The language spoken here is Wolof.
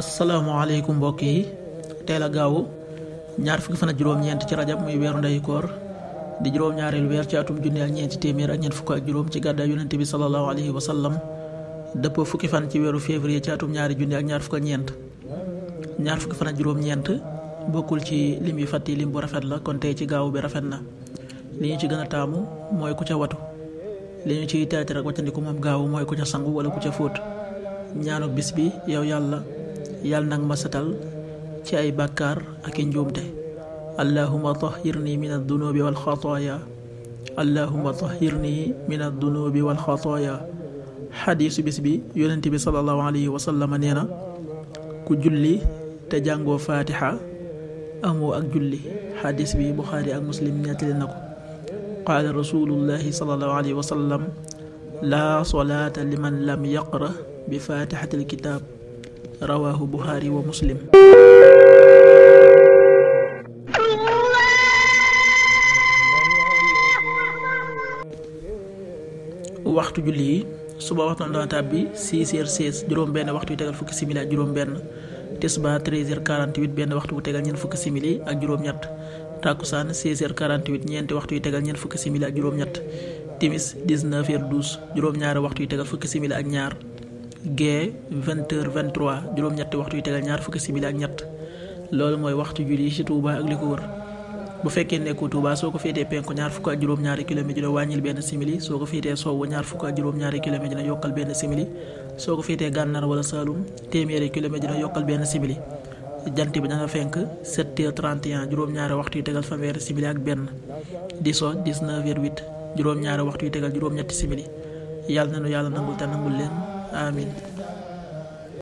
asalaamaaleykum mbokk yi teel a gaawu ñaar fukki fan ak juróom-ñeent ci rajab muy weeru ndeyu di juróom-ñaareelu weer ci atum junne ak ñeenti téeméer ak ñeent fukk ak juróom ci gàddaay yonente bi salallaahu alayhi wa sallam dëppoo fukki fan ci weeru février ci atum ñaari junne ak ñaar fukk ak ñeent ñaar fukki fan juróom-ñeent bokkul ci lim yu fàtti lim bu rafet la kon tey ci gaaw bi rafet na li ñu ci gën a taamu mooy ku ca watu li ñu ciy teetare ak wàccandiku moom gaawu mooy ku ca sangu ku ca fóot ñaanu bis bi yow yàlla yàlla nag ma setal ci ay bàkkaar ak i njuumte allahuma tahirni min addunubi wal xataaya allahuma tahirni min addunubi wal xataaya xadiisu bis bi yonent bi sallallahu alayhi wa sallam ku julli te jàngoo faatixa amoo ak julli xadiis bi buxaari ak muslim nettali na ko qaala rasulullahi sallallahu alayhi wa sallam laa solaata liman lam yaqra bi faatixatil kitaab rawaahu buxaari wa muslim waxtu julli yi suba waxtu na dana tàbbi 6 heures 16 juróom benn waxtu yu tegal fukki simili ak juróom benn tisba 13 heures 48 benn waxtu bu tegal fukki simili ak juróom ñett takkusaan 16 heures 48 ñeenti waxtu yu tegal ñeent fukki simili ak juróom ñett timis 19 heures 12 juróom ñaari waxtu yu tegal fukki simili ak ñaar gee vingt heures vingt trois juróom-ñetti waxtu yu tegal ñaar fukki simili ak ñett loolu mooy waxtu julli ci Touba ak li ko wër bu fekkee nekkoo Touba soo ko féetee penku ñaar fukk ak juróom-ñaari kilomètre dina wàññil benn simili soo ko féetee sowwu ñaar fukk ak juróom-ñaari kilomètre dina yokkal benn simili soo ko féetee gànnaar wala Saloum téeméeri kilomètre bi dana fenk 7 heures 31 juróom-ñaari waxtu yu tegal fanweeri simili ak benn di so 19 heures 8 juróom-ñaari waxtu yu tegal juróom-ñetti simili yàlla na nu yàlla nangul te nangul leen amin